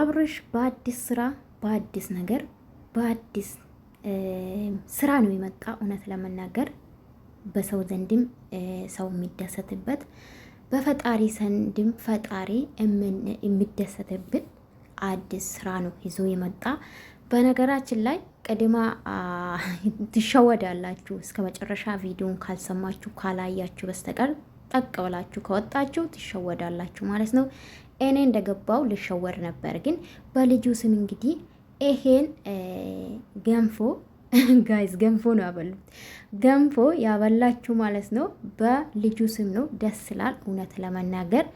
አብርሽ በአዲስ ስራ በአዲስ ነገር በአዲስ ስራ ነው የመጣ። እውነት ለመናገር በሰው ዘንድም ሰው የሚደሰትበት በፈጣሪ ዘንድም ፈጣሪ የሚደሰትብን አዲስ ስራ ነው ይዞ የመጣ። በነገራችን ላይ ቀድማ ትሸወዳላችሁ። እስከ መጨረሻ ቪዲዮን ካልሰማችሁ ካላያችሁ በስተቀር ጠቅ ብላችሁ ከወጣችሁ ትሸወዳላችሁ ማለት ነው። እኔ እንደገባው ልሸወር ነበር። ግን በልጁ ስም እንግዲህ ይሄን ገንፎ ጋይዝ ገንፎ ነው ያበሉት። ገንፎ ያበላችሁ ማለት ነው። በልጁ ስም ነው። ደስ ይላል። እውነት ለመናገር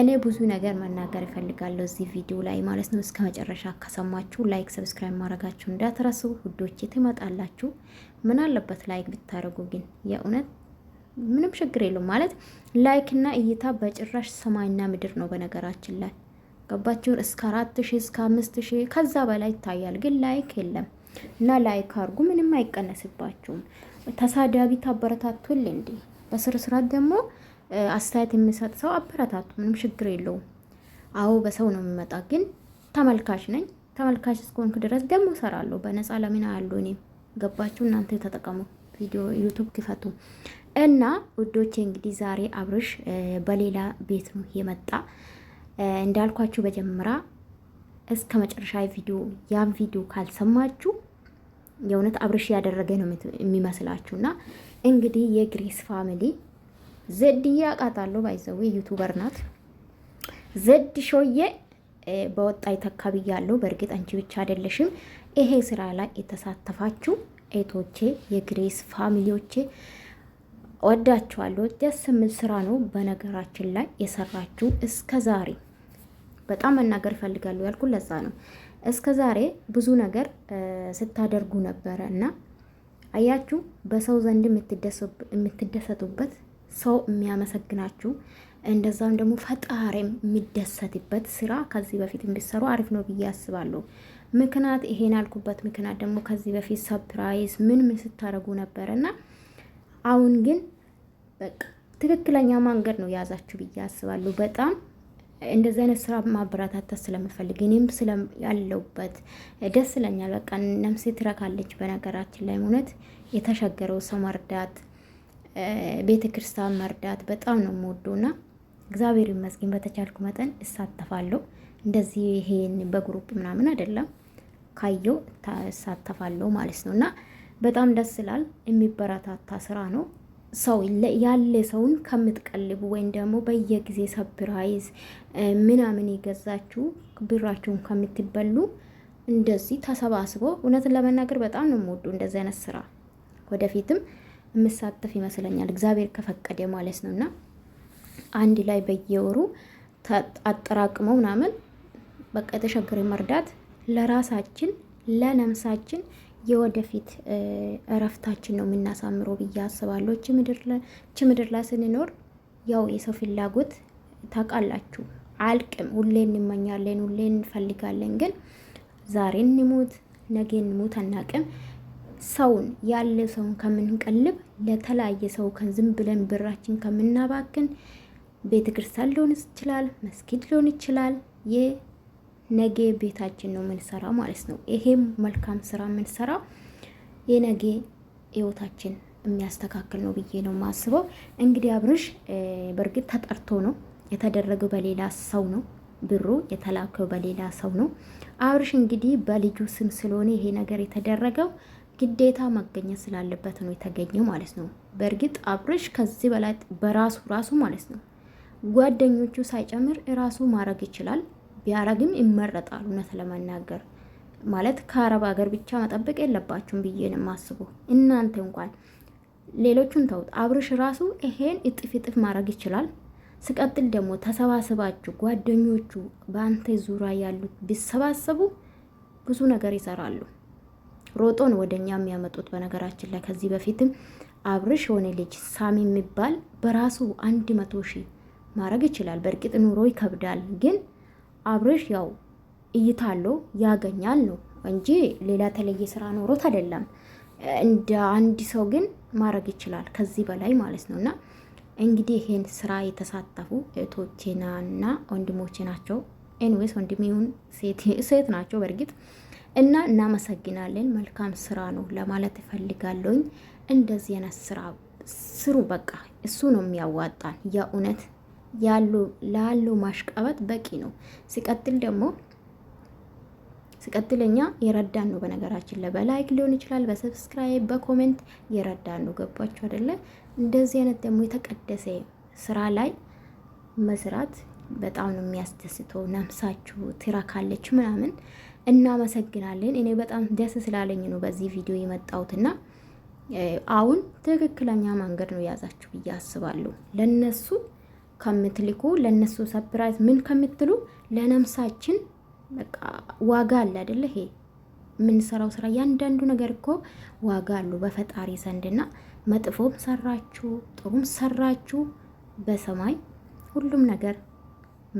እኔ ብዙ ነገር መናገር እፈልጋለሁ እዚህ ቪዲዮ ላይ ማለት ነው። እስከ መጨረሻ ከሰማችሁ ላይክ፣ ሰብስክራይብ ማድረጋችሁ እንዳትረሱ ውዶቼ። ትመጣላችሁ። ምን አለበት ላይክ ብታደርጉ ግን የእውነት ምንም ችግር የለውም ማለት ላይክና እይታ በጭራሽ ሰማይና ምድር ነው። በነገራችን ላይ ገባችሁን? እስከ አራት ሺህ እስከ አምስት ሺህ ከዛ በላይ ይታያል፣ ግን ላይክ የለም እና ላይክ አድርጉ፣ ምንም አይቀነስባችሁም። ተሳዳቢ ታበረታቱል እንዲ በስር ስራት ደግሞ አስተያየት የሚሰጥ ሰው አበረታቱ፣ ምንም ችግር የለውም። አዎ በሰው ነው የሚመጣ፣ ግን ተመልካች ነኝ። ተመልካች እስከሆንክ ድረስ ደግሞ ሰራለሁ። በነፃ ለምን አያሉ እኔ ገባችሁ። እናንተ የተጠቀሙ ቪዲዮ ዩቱብ ክፈቱ። እና ውዶቼ እንግዲህ ዛሬ አብርሽ በሌላ ቤት ነው የመጣ። እንዳልኳችሁ በጀምራ እስከ መጨረሻ ቪዲዮ ያን ቪዲዮ ካልሰማችሁ የእውነት አብርሽ ያደረገ ነው የሚመስላችሁ። እና እንግዲህ የግሬስ ፋሚሊ ዘድዬ አውቃታለሁ፣ ባይዘዌ ዩቱበር ናት። ዘድ ሾዬ በወጣ ይተካ ብያለሁ። በእርግጥ አንቺ ብቻ አይደለሽም ይሄ ስራ ላይ የተሳተፋችሁ እህቶቼ፣ የግሬስ ፋሚሊዎቼ ወዳችኋለሁ። ደስ የሚል ስራ ነው። በነገራችን ላይ የሰራችሁ እስከ ዛሬ በጣም መናገር ይፈልጋሉ ያልኩ ለዛ ነው። እስከ ዛሬ ብዙ ነገር ስታደርጉ ነበረ እና አያችሁ፣ በሰው ዘንድ የምትደሰቱበት ሰው የሚያመሰግናችሁ እንደዛም ደግሞ ፈጣሪም የሚደሰትበት ስራ ከዚህ በፊት የሚሰሩ አሪፍ ነው ብዬ አስባለሁ። ምክንያት ይሄን ያልኩበት ምክንያት ደግሞ ከዚህ በፊት ሰፕራይዝ ምን ምን ስታደርጉ ነበረ እና አሁን ግን በቃ ትክክለኛ መንገድ ነው የያዛችሁ ብዬ አስባለሁ። በጣም እንደዚህ አይነት ስራ ማበረታታት ስለምፈልግ እኔም ያለሁበት ደስ ስለኛል። በቃ ነፍሴ ትረካለች። በነገራችን ላይ እውነት የተሸገረው ሰው መርዳት፣ ቤተ ክርስቲያን መርዳት በጣም ነው የምወደውና እግዚአብሔር ይመስገን በተቻልኩ መጠን እሳተፋለሁ። እንደዚህ ይሄን በግሩፕ ምናምን አይደለም ካየው እሳተፋለሁ ማለት ነው እና በጣም ደስ ይላል። የሚበረታታ ስራ ነው። ሰው ያለ ሰውን ከምትቀልቡ ወይም ደግሞ በየጊዜ ሰፕራይዝ ምናምን የገዛችሁ ብራችሁን ከምትበሉ እንደዚህ ተሰባስቦ እውነትን ለመናገር በጣም ነው የምወዱ እንደዚህ አይነት ስራ ወደፊትም የምሳተፍ ይመስለኛል እግዚአብሔር ከፈቀደ ማለት ነው። እና አንድ ላይ በየወሩ አጠራቅመው ምናምን በቃ የተቸገረ መርዳት ለራሳችን ለነምሳችን. የወደፊት እረፍታችን ነው የምናሳምረው ብዬ አስባለሁ። እች ምድር ላይ ስንኖር ያው የሰው ፍላጎት ታውቃላችሁ አልቅም። ሁሌ እንመኛለን፣ ሁሌ እንፈልጋለን። ግን ዛሬ እንሙት ነገ እንሙት አናቅም። ሰውን ያለ ሰውን ከምንቀልብ ለተለያየ ሰው ከዝም ብለን ብራችን ከምናባክን ቤተ ክርስቲያን ሊሆን ይችላል፣ መስጊድ ሊሆን ይችላል ነገ ቤታችን ነው የምንሰራ ማለት ነው። ይሄም መልካም ስራ የምንሰራ የነገ ህይወታችን የሚያስተካክል ነው ብዬ ነው ማስበው። እንግዲህ አብርሽ በእርግጥ ተጠርቶ ነው የተደረገው፣ በሌላ ሰው ነው ብሩ የተላከው በሌላ ሰው ነው። አብርሽ እንግዲህ በልጁ ስም ስለሆነ ይሄ ነገር የተደረገው ግዴታ መገኘት ስላለበት ነው የተገኘው ማለት ነው። በእርግጥ አብርሽ ከዚህ በላይ በራሱ ራሱ ማለት ነው ጓደኞቹ ሳይጨምር ራሱ ማድረግ ይችላል። ቢያረግም ይመረጣል። እውነት ለመናገር ማለት ከአረብ ሀገር ብቻ መጠበቅ የለባችሁም ብዬ ነው የማስበው። እናንተ እንኳን ሌሎቹን ተውት፣ አብርሽ ራሱ ይሄን እጥፍ እጥፍ ማድረግ ይችላል። ስቀጥል ደግሞ ተሰባስባችሁ ጓደኞቹ በአንተ ዙሪያ ያሉት ቢሰባሰቡ ብዙ ነገር ይሰራሉ። ሮጦን ወደ እኛ የሚያመጡት በነገራችን ላይ ከዚህ በፊትም አብርሽ የሆነ ልጅ ሳሚ የሚባል በራሱ አንድ መቶ ሺህ ማድረግ ይችላል። በእርግጥ ኑሮ ይከብዳል ግን አብርሽ ያው እይታ አለው ያገኛል ነው እንጂ ሌላ የተለየ ስራ ኖሮት አይደለም። እንደ አንድ ሰው ግን ማድረግ ይችላል ከዚህ በላይ ማለት ነው። እና እንግዲህ ይሄን ስራ የተሳተፉ እህቶቼናና ወንድሞቼ ናቸው። ኤንዌስ ወንድም ይሁን ሴት ናቸው በእርግጥ እና እናመሰግናለን። መልካም ስራ ነው ለማለት እፈልጋለሁኝ። እንደዚህ አይነት ስራ ስሩ። በቃ እሱ ነው የሚያዋጣን የእውነት ያሉ ላሉ ማሽቃበጥ በቂ ነው። ሲቀጥል ደግሞ ሲቀጥለኛ የረዳን ነው። በነገራችን ላይ በላይክ ሊሆን ይችላል፣ በሰብስክራይብ በኮሜንት የረዳን ነው። ገባችሁ አይደለ? እንደዚህ አይነት ደግሞ የተቀደሰ ስራ ላይ መስራት በጣም ነው የሚያስደስተው። ነፍሳችሁ ትራካለች ምናምን። እናመሰግናለን። እኔ በጣም ደስ ስላለኝ ነው በዚህ ቪዲዮ የመጣሁትና አሁን ትክክለኛ መንገድ ነው የያዛችሁ ብዬ አስባለሁ ለነሱ ከምትልኩ ለነሱ ሰፕራይዝ ምን ከምትሉ ለነምሳችን በቃ ዋጋ አለ አይደለ? ይሄ የምንሰራው ስራ እያንዳንዱ ነገር እኮ ዋጋ አሉ በፈጣሪ ዘንድና መጥፎም ሰራችሁ ጥሩም ሰራችሁ በሰማይ ሁሉም ነገር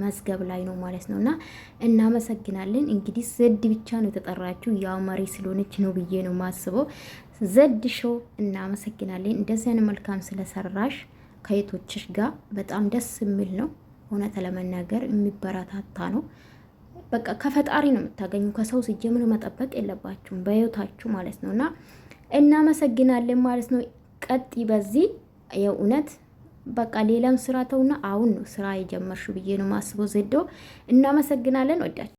መዝገብ ላይ ነው ማለት ነው። እና እናመሰግናለን። እንግዲህ ዘድ ብቻ ነው የተጠራችሁ ያው መሪ ስለሆነች ነው ብዬ ነው ማስበው። ዘድ ሾው እናመሰግናለን። እንደዚህ እንደዚያን መልካም ስለሰራሽ ከየቶችሽ ጋር በጣም ደስ የሚል ነው። እውነት ለመናገር የሚበረታታ ነው። በቃ ከፈጣሪ ነው የምታገኙ። ከሰው ሲጀምር መጠበቅ የለባችሁም በህይወታችሁ ማለት ነው። እና እናመሰግናለን ማለት ነው። ቀጥ በዚህ የእውነት በቃ ሌላም ስራ ተውና፣ አሁን ነው ስራ የጀመርሽ ብዬ ነው ማስበው። ዘዶ እናመሰግናለን ወዳችሁ